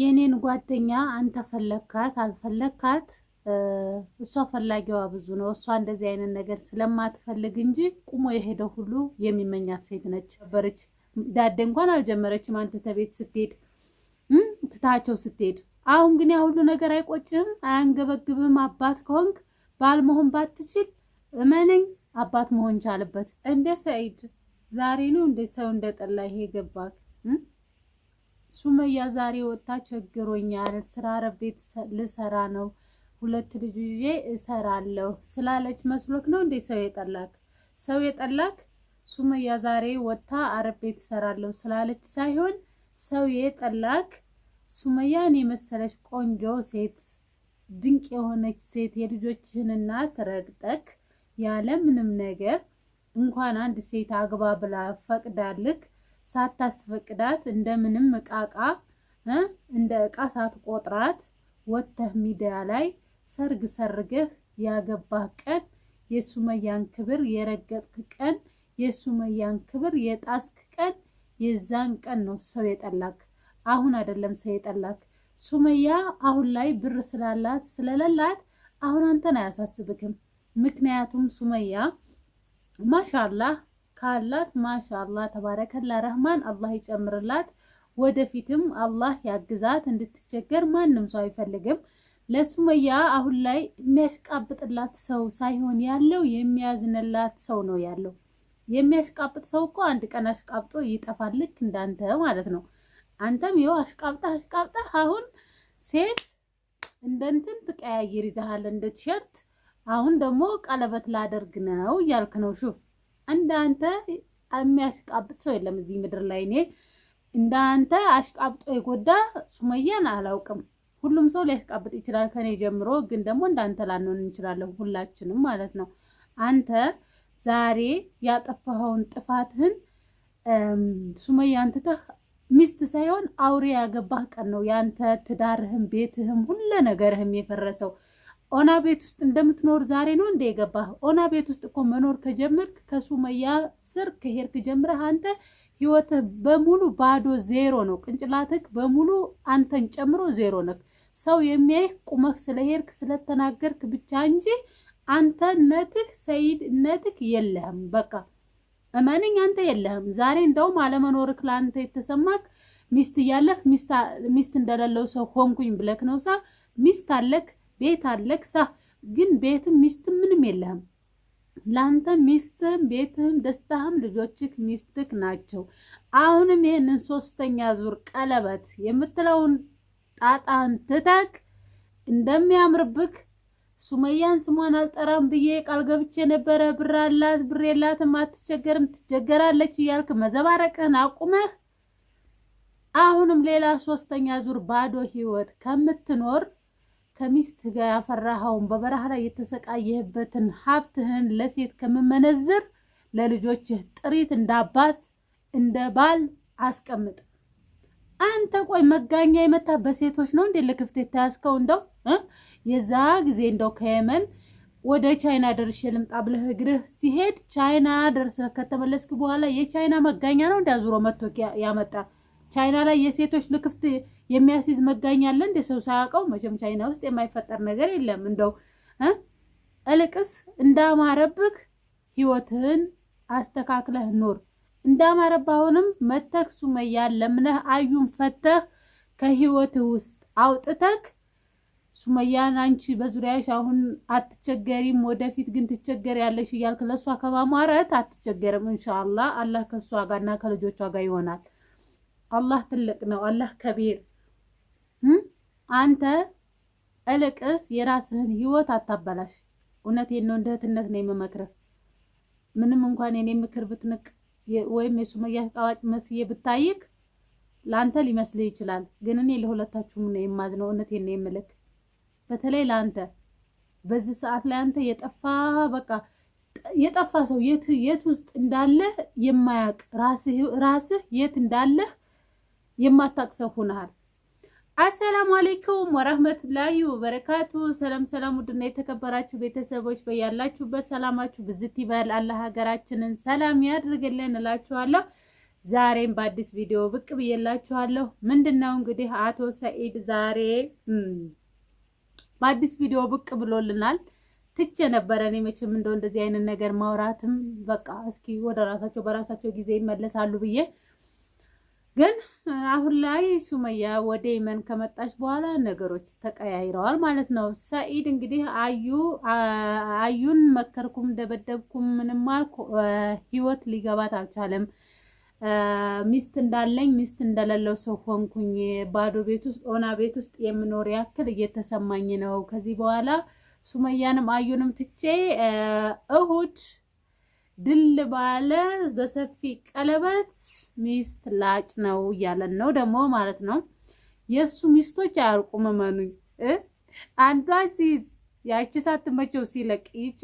የኔን ጓደኛ አንተ ፈለግካት አልፈለግካት እሷ ፈላጊዋ ብዙ ነው። እሷ እንደዚህ አይነት ነገር ስለማትፈልግ እንጂ ቁሞ የሄደ ሁሉ የሚመኛት ሴት ነች ነበረች። ዳደ እንኳን አልጀመረችም። አንተ ተቤት ስትሄድ ትታቸው ስትሄድ። አሁን ግን ያ ሁሉ ነገር አይቆጭህም? አያንገበግብም አባት ከሆንክ ባል መሆን ባትችል እመነኝ አባት መሆን ቻለበት እንደ ሰይድ ዛሬ ነው እንደ ሰው እንደጠላ ይሄ ገባክ። ሱመያ ዛሬ ወጣ ቸግሮኛል፣ ስራ ረቤት ልሰራ ነው፣ ሁለት ልጅ ይዤ እሰራለሁ ስላለች መስሎክ ነው እንዴ ሰው የጠላክ? ሰው የጠላክ ሱመያ ዛሬ ወጣ አረቤት እሰራለሁ ስላለች ሳይሆን ሰው የጠላክ ሱመያን የመሰለች ቆንጆ ሴት ድንቅ የሆነች ሴት የልጆችህን እናት ረግጠክ ያለ ምንም ነገር እንኳን አንድ ሴት አግባ ብላ ፈቅዳልክ ሳታስፈቅዳት እንደምንም እቃ እንደ እቃ ሳትቆጥራት ወጥተህ ሚዲያ ላይ ሰርግ ሰርገህ ያገባህ ቀን የሱመያን ክብር የረገጥክ ቀን የሱመያን ክብር የጣስክ ቀን የዛን ቀን ነው ሰው የጠላክ። አሁን አይደለም ሰው የጠላክ። ሱመያ አሁን ላይ ብር ስላላት ስለሌላት አሁን አንተን አያሳስብክም። ምክንያቱም ሱመያ ማሻላህ ካላት ማሻአላህ ተባረከላ ረህማን አላህ ይጨምርላት። ወደፊትም አላህ ያግዛት። እንድትቸገር ማንም ሰው አይፈልግም። ለሱመያ አሁን ላይ የሚያሽቃብጥላት ሰው ሳይሆን ያለው የሚያዝንላት ሰው ነው ያለው። የሚያሽቃብጥ ሰው እኮ አንድ ቀን አሽቃብጦ ይጠፋል፣ ልክ እንዳንተ ማለት ነው። አንተም ይኸው አሽቃብጠህ አሽቃብጠህ አሁን ሴት እንደ እንትን ትቀያይር ይዘሃል፣ እንደ ቲሸርት። አሁን ደግሞ ቀለበት ላደርግ ነው እያልክ ነው ሹፍ እንዳንተ የሚያሽቃብጥ ሰው የለም እዚህ ምድር ላይ። እኔ እንዳንተ አሽቃብጦ የጎዳ ሱመያን አላውቅም። ሁሉም ሰው ሊያሽቃብጥ ይችላል ከኔ ጀምሮ፣ ግን ደግሞ እንዳንተ ላንሆን እንችላለን ሁላችንም ማለት ነው። አንተ ዛሬ ያጠፋኸውን ጥፋትህን ሱመያን ትተህ ሚስት ሳይሆን አውሬ ያገባህ ቀን ነው። ያንተ ትዳርህም ቤትህም ሁለ ነገርህም የፈረሰው ኦና ቤት ውስጥ እንደምትኖር ዛሬ ነው እንደ የገባህ? ኦና ቤት ውስጥ እኮ መኖር ከጀመርክ ከሱመያ ስር ከሄድክ ጀምረህ አንተ ህይወትህ በሙሉ ባዶ ዜሮ ነው። ቅንጭላትህ በሙሉ አንተን ጨምሮ ዜሮ ነክ። ሰው የሚያይህ ቁመህ ስለሄድክ ስለተናገርክ ብቻ እንጂ አንተነትህ ሰይድነትህ የለህም። በቃ እመንኝ፣ አንተ የለህም። ዛሬ እንደውም አለመኖርክ ለአንተ የተሰማክ ሚስት እያለህ ሚስት እንደሌለው ሰው ሆንኩኝ ብለክ ነው ሳ ሚስት አለክ ቤት አለቅሳ ግን ቤትም ሚስትም ምንም የለህም። ለአንተ ሚስትህም ቤትህም ደስታህም ልጆችህ ሚስትህ ናቸው። አሁንም ይህንን ሶስተኛ ዙር ቀለበት የምትለውን ጣጣን ትተክ እንደሚያምርብክ ሱመያን ስሟን አልጠራም ብዬ ቃል ገብቼ ነበረ። ብር አላት ብር የላትም አትቸገርም፣ ትቸገራለች እያልክ መዘባረቅህን አቁመህ አሁንም ሌላ ሶስተኛ ዙር ባዶ ህይወት ከምትኖር ከሚስት ጋር ያፈራኸውን በበረሃ ላይ የተሰቃየህበትን ሀብትህን ለሴት ከምመነዝር ለልጆችህ ጥሪት እንደ አባት እንደ ባል አስቀምጥ። አንተ ቆይ መጋኛ የመታ በሴቶች ነው እንዴ ለክፍት የተያዝከው? እንደው የዛ ጊዜ እንደው ከየመን ወደ ቻይና ደርሼ ልምጣ ብለህ እግርህ ሲሄድ ቻይና ደርሰህ ከተመለስክ በኋላ የቻይና መጋኛ ነው እንዲ አዙሮ መጥቶ ቻይና ላይ የሴቶች ልክፍት የሚያስይዝ መጋኛ አለ እንደ ሰው ሳያውቀው። መቼም ቻይና ውስጥ የማይፈጠር ነገር የለም። እንደው እልቅስ እንዳማረብክ ህይወትህን አስተካክለህ ኑር። እንዳማረብ አሁንም መተክ ሱመያ ለምነህ አዩን ፈተህ ከህይወትህ ውስጥ አውጥተክ ሱመያን አንቺ በዙሪያሽ አሁን አትቸገሪም፣ ወደፊት ግን ያለሽ እያልክ ለእሷ ከማሟረት አትቸገርም። እንሻላ አላህ ከእሷ ጋርና ከልጆቿ ጋር ይሆናል። አላህ ትልቅ ነው። አላህ ከቢር። አንተ እልቅስ የራስህን ህይወት አታበላሽ። እውነቴን ነው፣ እንደ እህትነት ነው የምመክርህ። ምንም እንኳን የኔ ምክር ብትንቅ ወይም የሱመያ ተጣዋጭ መስዬ ብታይክ ለአንተ ሊመስልህ ይችላል፣ ግን እኔ ለሁለታችሁም ነው የማዝነው። እውነቴን ነው የምልክ፣ በተለይ ለአንተ በዚህ ሰዓት ላይ አንተ የጠፋ በቃ የጠፋ ሰው የት ውስጥ እንዳለህ የማያውቅ ራስህ የት እንዳለህ የማታቅ ሰው ሆነሃል። አሰላሙ አሌይኩም ወረህመቱላሂ ወበረካቱ። ሰላም ሰላም፣ ውድና የተከበራችሁ ቤተሰቦች በያላችሁበት ሰላማችሁ ብዝት ይበል። አላህ ሀገራችንን ሰላም ያድርግልን እላችኋለሁ። ዛሬም በአዲስ ቪዲዮ ብቅ ብዬላችኋለሁ። ምንድን ነው እንግዲህ አቶ ሰኢድ ዛሬ በአዲስ ቪዲዮ ብቅ ብሎልናል። ትቼ ነበረ እኔ መቼም እንደው እንደዚህ አይነት ነገር ማውራትም በቃ እስኪ ወደ ራሳቸው በራሳቸው ጊዜ ይመለሳሉ ብዬ ግን አሁን ላይ ሱመያ ወደ የመን ከመጣች በኋላ ነገሮች ተቀያይረዋል ማለት ነው። ሰኢድ እንግዲህ አዩ አዩን መከርኩም፣ ደበደብኩም፣ ምንም አልኩ ህይወት ሊገባት አልቻለም። ሚስት እንዳለኝ ሚስት እንደሌለው ሰው ሆንኩኝ። ባዶ ቤት ውስጥ ኦና ቤት ውስጥ የምኖር ያክል እየተሰማኝ ነው። ከዚህ በኋላ ሱመያንም አዩንም ትቼ እሁድ ድል ባለ በሰፊ ቀለበት ሚስት ላጭ ነው እያለን ነው ደግሞ ማለት ነው። የእሱ ሚስቶች አያርቁም፣ እመኑኝ። አንዷ ሲዝ ያቺ ሳትመቸው ሲለቅ፣ ይቺ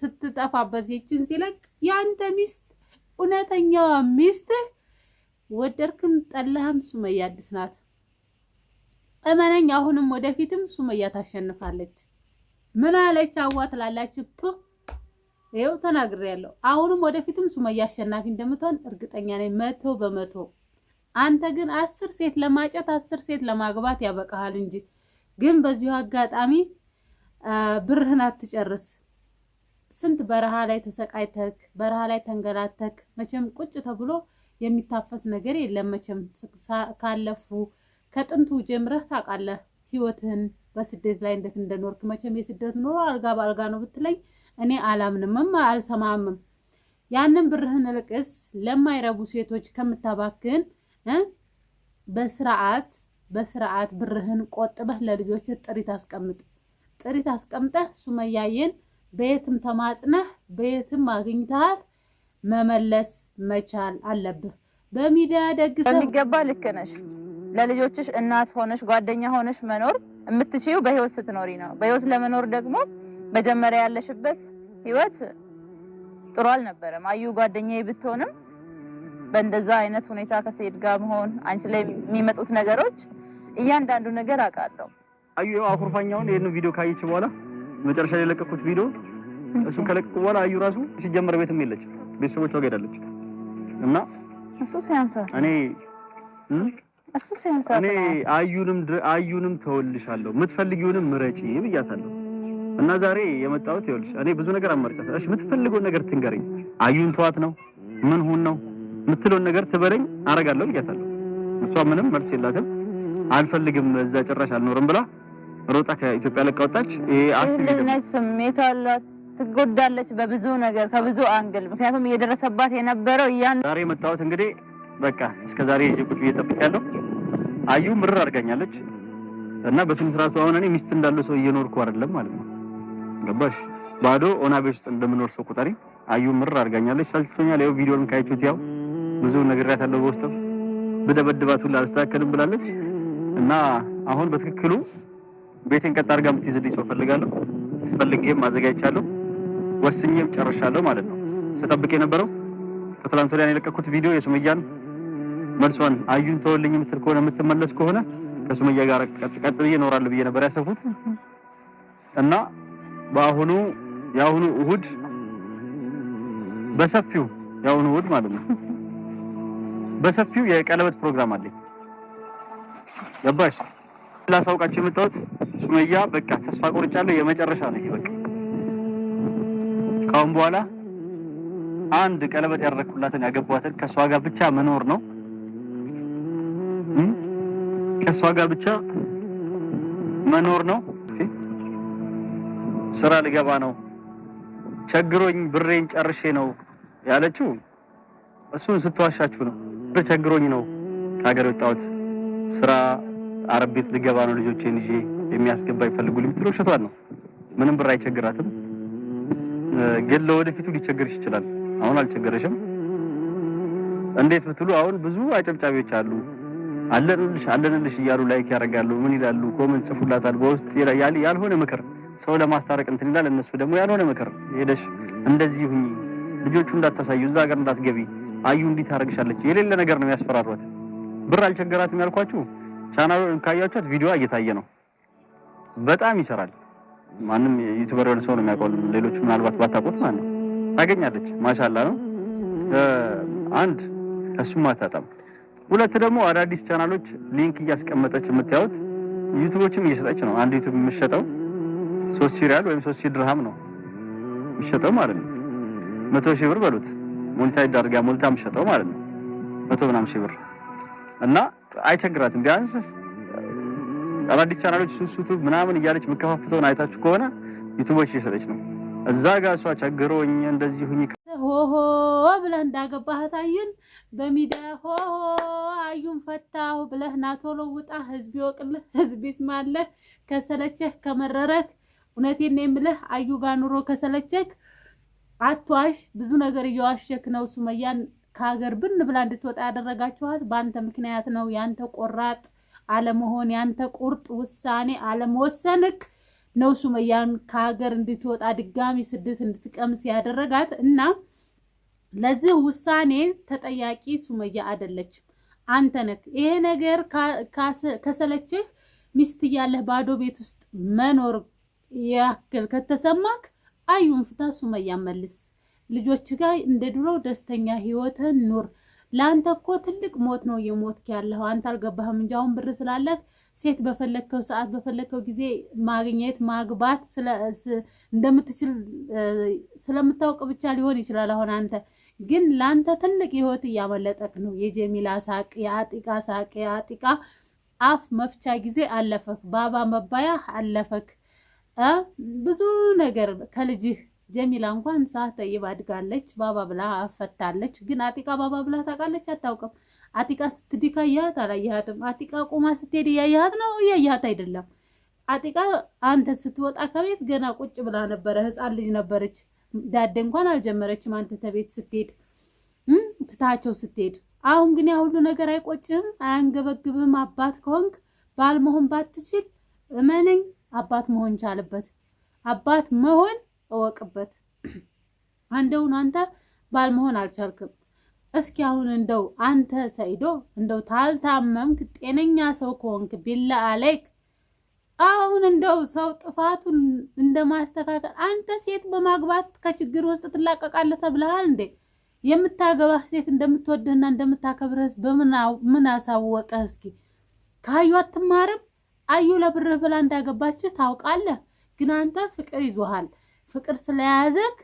ስትጠፋበት ይቺን ሲለቅ፣ የአንተ ሚስት እውነተኛዋ ሚስት ወደርክም ጠላህም ሱመያ አዲስ ናት። እመነኝ፣ አሁንም ወደፊትም ሱመያ ታሸንፋለች። ምን አለች አዋ ትላላችሁ? ይኸው ተናግሬያለሁ። አሁንም ወደፊትም ሱመያ አሸናፊ እንደምትሆን እርግጠኛ ነኝ መቶ በመቶ። አንተ ግን አስር ሴት ለማጨት አስር ሴት ለማግባት ያበቃሃል እንጂ ግን በዚሁ አጋጣሚ ብርህን አትጨርስ። ስንት በረሃ ላይ ተሰቃይተክ በረሃ ላይ ተንገላተክ። መቼም ቁጭ ተብሎ የሚታፈስ ነገር የለም። መቼም ካለፉ ከጥንቱ ጀምረህ ታውቃለህ ህይወትህን በስደት ላይ እንደት እንደኖርክ። መቼም የስደት ኑሮ አልጋ በአልጋ ነው ብትለኝ እኔ አላምንምም አልሰማምም። ያንን ብርህን ልቅስ ለማይረቡ ሴቶች ከምታባክን በስርዓት በስርዓት ብርህን ቆጥበህ ለልጆች ጥሪት አስቀምጥ። ጥሪት አስቀምጠህ መያየን በየትም ተማጽነህ በየትም አግኝተሃት መመለስ መቻል አለብህ። በሚዲያ ደግሰ በሚገባ ልክ ነሽ። ለልጆችሽ እናት ሆነሽ ጓደኛ ሆነሽ መኖር የምትችይው በህይወት ስትኖሪ ነው። በህይወት ለመኖር ደግሞ መጀመሪያ ያለሽበት ህይወት ጥሩ አልነበረም። አዩ ጓደኛዬ ብትሆንም በእንደዛ አይነት ሁኔታ ከሴት ጋር መሆን አንቺ ላይ የሚመጡት ነገሮች እያንዳንዱ ነገር አውቃለሁ። አዩ አኩርፋኛውን ይሄን ቪዲዮ ካየች በኋላ መጨረሻ ላይ የለቀኩት ቪዲዮ እሱ ከለቀቁ በኋላ አዩ ራሱ ሲጀመር ቤትም የለች ቤተሰቦቿ ጋር ሄዳለች እና እሱ ሲያንሳት እኔ እሱ ሲያንሳት እኔ አዩንም አዩንም ተወልሻለሁ፣ የምትፈልጊውንም ምረጪ ብያታለሁ። እና ዛሬ የመጣሁት ይኸውልሽ፣ እኔ ብዙ ነገር አመርጫት። እሺ የምትፈልገውን ነገር ትንገረኝ። አዩን ተዋት ነው ምን ሁን ነው የምትለውን ነገር ትበለኝ፣ አረጋለሁ ብያታለሁ። እሷ ምንም መልስ የላትም። አልፈልግም፣ እዛ ጭራሽ አልኖርም ብላ ሮጣ ከኢትዮጵያ ለቃ ወጣች። ይሄ አስቢ ስሜት ትጎዳለች በብዙ ነገር ከብዙ አንግል። ምክንያቱም እየደረሰባት የነበረው ያን ዛሬ የመጣሁት እንግዲህ በቃ እስከ ዛሬ ሂጅ ቁጭ ብዬ አዩ ምርር አድርጋኛለች እና በስነ ስርዓቱ አሁን እኔ ሚስት እንዳለው ሰው እየኖርኩ አይደለም ማለት ነው ገባሽ ባዶ ኦና ቤት ውስጥ እንደምኖር ሰው ቁጠሪ። አዩ ምር አድርጋኛለች፣ ሰልችቶኛል። ያው ቪዲዮን ካያችሁት ያው ብዙ ነግሬያታለሁ። በውስጥም ብደበድባት ሁላ አልስተካከልም ብላለች እና አሁን በትክክሉ ቤቴን ቀጥ አድርጋ የምትይዝልኝ ሰው ፈልጋለሁ። ፈልጌም አዘጋጅቻለሁ፣ ወስኜም ጨርሻለሁ ማለት ነው። ስጠብቅ የነበረው ከትላንት ወዲያ የለቀኩት ቪዲዮ የሱመያን መልሷን አዩን ተወልኝ የምትል ከሆነ የምትመለስ ከሆነ ከሱመያ ጋር ቀጥ ብዬ እኖራለሁ ብዬ ነበር ያሰብኩት እና በአሁኑ የአሁኑ እሁድ በሰፊው የአሁኑ እሁድ ማለት ነው በሰፊው የቀለበት ፕሮግራም አለኝ። ገባሽ? ላሳውቃችሁ የምታወት ሱመያ በቃ ተስፋ ቆርጫለሁ። የመጨረሻ ነው ይሄ በቃ ካሁን በኋላ አንድ ቀለበት ያደረኩላትን ያገባትን ከሷ ጋር ብቻ መኖር ነው። ከሷ ጋር ብቻ መኖር ነው። ስራ ልገባ ነው ቸግሮኝ ብሬን ጨርሼ ነው ያለችው፣ እሱን ስትዋሻችሁ ነው። ብር ቸግሮኝ ነው ከሀገር የወጣሁት ስራ አረብ ቤት ልገባ ነው ልጆቼን ይዤ የሚያስገባ ይፈልጉልኝ ብትለው ውሸቷን ነው። ምንም ብር አይቸግራትም፣ ግን ለወደፊቱ ሊቸግርሽ ይችላል። አሁን አልቸገረሽም። እንዴት ብትሉ አሁን ብዙ አጨብጫቢዎች አሉ። አለንልሽ አለንልሽ እያሉ ላይክ ያደርጋሉ። ምን ይላሉ? ኮመንት ጽፉላታል። በውስጥ ያልሆነ ምክር ሰው ለማስታረቅ እንትን ይላል። እነሱ ደግሞ ያልሆነ ምክር ሄደሽ እንደዚህ ሁኚ፣ ልጆቹ እንዳታሳዩ፣ እዛ ሀገር እንዳትገቢ፣ አዩ እንዲህ ታደርግሻለች፣ የሌለ ነገር ነው ያስፈራሯት። ብር አልቸገራትም ያልኳችሁ ቻናሉን ካያችሁት ቪዲዮ እየታየ ነው፣ በጣም ይሰራል። ማንም ዩቲዩበር የሆነ ሰው ነው የሚያውቀው፣ ሌሎቹ ምናልባት ባታውቁት ማለት ነው። ታገኛለች፣ ማሻላ ነው። አንድ ከሱም አታጣም። ሁለት ደግሞ አዳዲስ ቻናሎች ሊንክ እያስቀመጠች የምታዩት ዩቲዩቦችም እየሰጠች ነው። አንድ ዩቲዩብ የምትሸጠው ሶስት ሺህ ሪያል ወይም ሶስት ሺህ ድርሃም ነው የሚሸጠው ማለት ነው። መቶ ሺህ ብር በሉት ሞኒታ ዳርጋ ሞልታ የሚሸጠው ማለት ነው። መቶ ምናምን ሺህ ብር እና አይቸግራትም። ቢያንስ አዳዲስ ቻናሎች ሱሱቱ ምናምን እያለች የምከፋፍተውን አይታችሁ ከሆነ ዩቲዩቦች እየሰጠች ነው። እዛ ጋር እሷ ቸግሮኝ እንደዚህ ሁኝ ሆሆ ብለህ እንዳገባህ አዩን በሚዲያ ሆሆ አዩን ፈታሁ ብለህ ናቶሎ ውጣ። ህዝብ ይወቅልህ፣ ህዝብ ይስማለህ። ከሰለቸህ ከመረረህ እውነቴን የምልህ አዩ ጋር ኑሮ ከሰለቸክ አትዋሽ። ብዙ ነገር እየዋሸክ ነው። ሱመያን ከሀገር ብን ብላ እንድትወጣ ያደረጋችኋት በአንተ ምክንያት ነው። ያንተ ቆራጥ አለመሆን፣ ያንተ ቁርጥ ውሳኔ አለመወሰንክ ነው ሱመያን ከሀገር እንድትወጣ ድጋሚ ስደት እንድትቀምስ ያደረጋት እና ለዚህ ውሳኔ ተጠያቂ ሱመያ አይደለችም፣ አንተ ነህ። ይሄ ነገር ከሰለችህ ሚስት እያለህ ባዶ ቤት ውስጥ መኖር ያክል ከተሰማክ አዩን ፍታ፣ ሱመያ መልስ። ልጆች ጋር እንደ ድሮ ደስተኛ ህይወትን ኑር። ለአንተ እኮ ትልቅ ሞት ነው የሞትክ ያለው። አንተ አልገባህም እንጂ አሁን ብር ስላለህ ሴት በፈለግከው ሰዓት በፈለግከው ጊዜ ማግኘት ማግባት እንደምትችል ስለምታውቅ ብቻ ሊሆን ይችላል። አሁን አንተ ግን ለአንተ ትልቅ ህይወት እያመለጠክ ነው። የጀሚላ ሳቅ፣ የአጢቃ ሳቅ፣ የአጢቃ አፍ መፍቻ ጊዜ አለፈክ። ባባ መባያ አለፈክ። ብዙ ነገር ከልጅህ ጀሚላ እንኳን ሰዓት ጠይብ አድጋለች። ባባ ብላ አፈታለች። ግን አጢቃ ባባ ብላ ታውቃለች? አታውቅም። አጢቃ ስትዲካ እያያት አላየሃትም። አጢቃ ቁማ ስትሄድ እያያሃት ነው? እያያት አይደለም። አጢቃ አንተ ስትወጣ ከቤት ገና ቁጭ ብላ ነበረ። ህፃን ልጅ ነበረች። ዳደ እንኳን አልጀመረችም። አንተ ተቤት ስትሄድ ትታቸው ስትሄድ። አሁን ግን ያ ሁሉ ነገር አይቆጭህም? አያንገበግብህም? አባት ከሆንክ ባል መሆን ባትችል እመነኝ አባት መሆን ቻልበት። አባት መሆን እወቅበት። አንደውን አንተ ባል መሆን አልቻልክም። እስኪ አሁን እንደው አንተ ሰይዶ እንደው ታልታመምክ ጤነኛ ሰው ከሆንክ ቢላ አለክ አሁን እንደው ሰው ጥፋቱን እንደማስተካከል አንተ ሴት በማግባት ከችግር ውስጥ ትላቀቃለህ ተብለሃል እንዴ? የምታገባህ ሴት እንደምትወድህና እንደምታከብርህስ በምን አሳወቀህ? እስኪ ካዩ አትማርም። አዩ ለብር ብላ እንዳገባችህ ታውቃለህ። ግን አንተ ፍቅር ይዞሃል። ፍቅር ስለያዘክ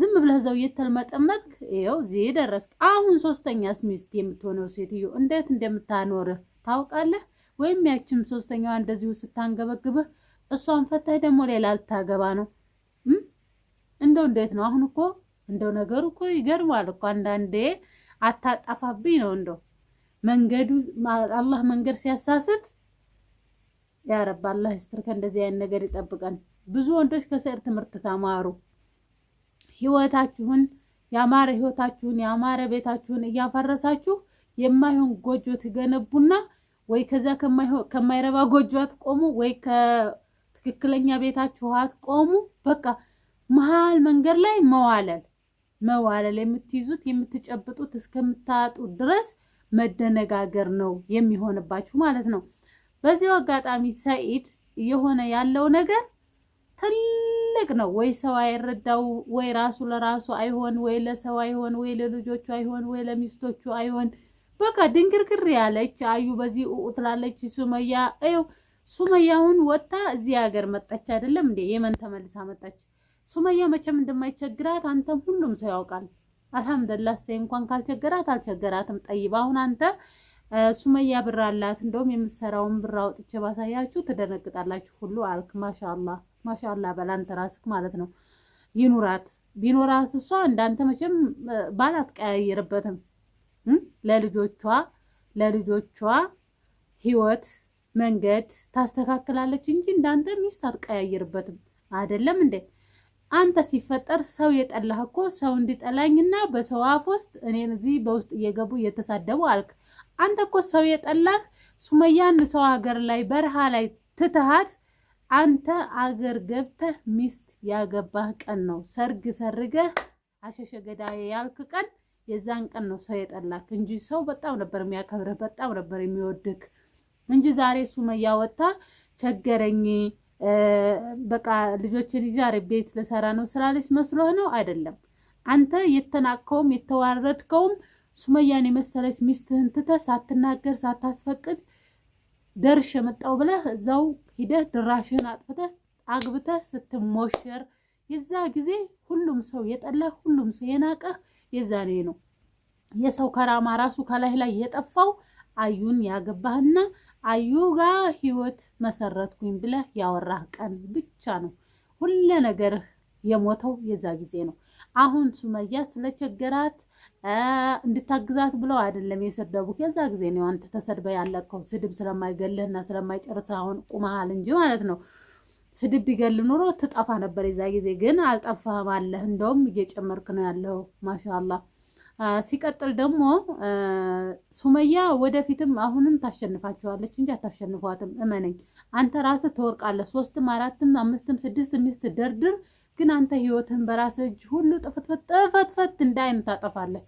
ዝም ብለህ ዘው እየተልመጠመጥክ ይኸው እዚህ ደረስክ። አሁን ሶስተኛ ሚስት የምትሆነው ሴትዮ እንዴት እንደምታኖርህ ታውቃለህ። ወይም ያችም ሶስተኛዋ እንደዚሁ ስታንገበግብህ እሷን ፈተህ ደግሞ ሌላ ልታገባ ነው። እንደው እንዴት ነው አሁን? እኮ እንደው ነገሩ እኮ ይገርማል እኮ አንዳንዴ አታጣፋብኝ ነው እንደው መንገዱ አላህ መንገድ ሲያሳስት ያረብ አላህ ይስጥር፣ ከእንደዚህ አይነት ነገር ይጠብቀን። ብዙ ወንዶች ከሰይድ ትምህርት ተማሩ። ህይወታችሁን ያማረ ህይወታችሁን ያማረ ቤታችሁን እያፈረሳችሁ የማይሆን ጎጆ ትገነቡና ወይ ከዛ ከማይረባ ጎጆ አትቆሙ፣ ወይ ከትክክለኛ ቤታችሁ አትቆሙ። በቃ መሀል መንገድ ላይ መዋለል መዋለል የምትይዙት የምትጨብጡት እስከምታጡ ድረስ መደነጋገር ነው የሚሆንባችሁ ማለት ነው። በዚሁ አጋጣሚ ሰኢድ እየሆነ ያለው ነገር ትልቅ ነው። ወይ ሰው አይረዳው፣ ወይ ራሱ ለራሱ አይሆን፣ ወይ ለሰው አይሆን፣ ወይ ለልጆቹ አይሆን፣ ወይ ለሚስቶቹ አይሆን። በቃ ድንግርግር ያለች አዩ በዚህ ትላለች። ሱመያ ይኸው ሱመያውን ወጥታ እዚህ ሀገር መጣች አይደለም እንዴ? የመን ተመልሳ መጣች። ሱመያ መቼም እንደማይቸግራት አንተም ሁሉም ሰው ያውቃል። አልሐምዱላ ሰይ እንኳን ካልቸገራት አልቸገራትም። ጠይብ አሁን አንተ ሱመያ ብር አላት። እንደውም የምትሰራውን ብር አውጥቼ ባሳያችሁ ትደነግጣላችሁ ሁሉ አልክ። ማሻላ ማሻላ በላንተ ራስክ ማለት ነው። ይኑራት ቢኖራት እሷ እንዳንተ መቼም ባል አትቀያየርበትም። ለልጆቿ ለልጆቿ ህይወት መንገድ ታስተካክላለች እንጂ እንዳንተ ሚስት አትቀያየርበትም። አይደለም እንዴ? አንተ ሲፈጠር ሰው የጠላህ እኮ ሰው እንዲጠላኝና በሰው አፍ ውስጥ እኔን እዚህ በውስጥ እየገቡ እየተሳደቡ አልክ። አንተ እኮ ሰው የጠላህ ሱመያን ሰው ሀገር ላይ በረሃ ላይ ትትሃት አንተ አገር ገብተህ ሚስት ያገባህ ቀን ነው። ሰርግ ሰርገህ አሸሸ ገዳዬ ያልክ ቀን የዛን ቀን ነው ሰው የጠላክ እንጂ ሰው በጣም ነበር የሚያከብርህ፣ በጣም ነበር የሚወድክ እንጂ ዛሬ ሱመያ ወጥታ ቸገረኝ በቃ ልጆችን ይዤ አረብ ቤት ልሰራ ነው ስላለች መስሎህ ነው? አይደለም። አንተ የተናቀውም የተዋረድከውም ሱመያን የመሰለች ሚስትህን ትተህ ሳትናገር ሳታስፈቅድ ደርሼ መጣሁ ብለህ እዛው ሂደህ ድራሽህን አጥፍተህ አግብተህ ስትሞሸር የዛ ጊዜ ሁሉም ሰው የጠላህ ሁሉም ሰው የናቀህ የዛኔ ነው። የሰው ከራማ ራሱ ከላይ ላይ የጠፋው አዩን ያገባህና አዩ ጋር ህይወት መሰረትኩኝ ብለህ ያወራህ ቀን ብቻ ነው ሁለ ነገርህ የሞተው የዛ ጊዜ ነው። አሁን ሱመያ ስለቸገራት እንድታግዛት ብለው አይደለም የሰደቡህ። የዛ ጊዜ ነው አንተ ተሰድበ ያለቀው። ስድብ ስለማይገልህና ስለማይጨርስ አሁን ቁመሃል እንጂ ማለት ነው። ስድብ ቢገል ኑሮ ትጠፋ ነበር። የዛ ጊዜ ግን አልጠፋህም አለህ። እንደውም እየጨመርክ ነው ያለው ማሻላ ሲቀጥል ደግሞ ሱመያ ወደፊትም አሁንም ታሸንፋችኋለች እንጂ አታሸንፏትም። እመነኝ፣ አንተ ራስህ ትወርቃለህ። ሶስትም አራትም አምስትም ስድስት ሚስት ደርድር፣ ግን አንተ ህይወትህን በራስህ እጅ ሁሉ ጥፍትፍት ጥፍትፍት እንዳይን ታጠፋለህ።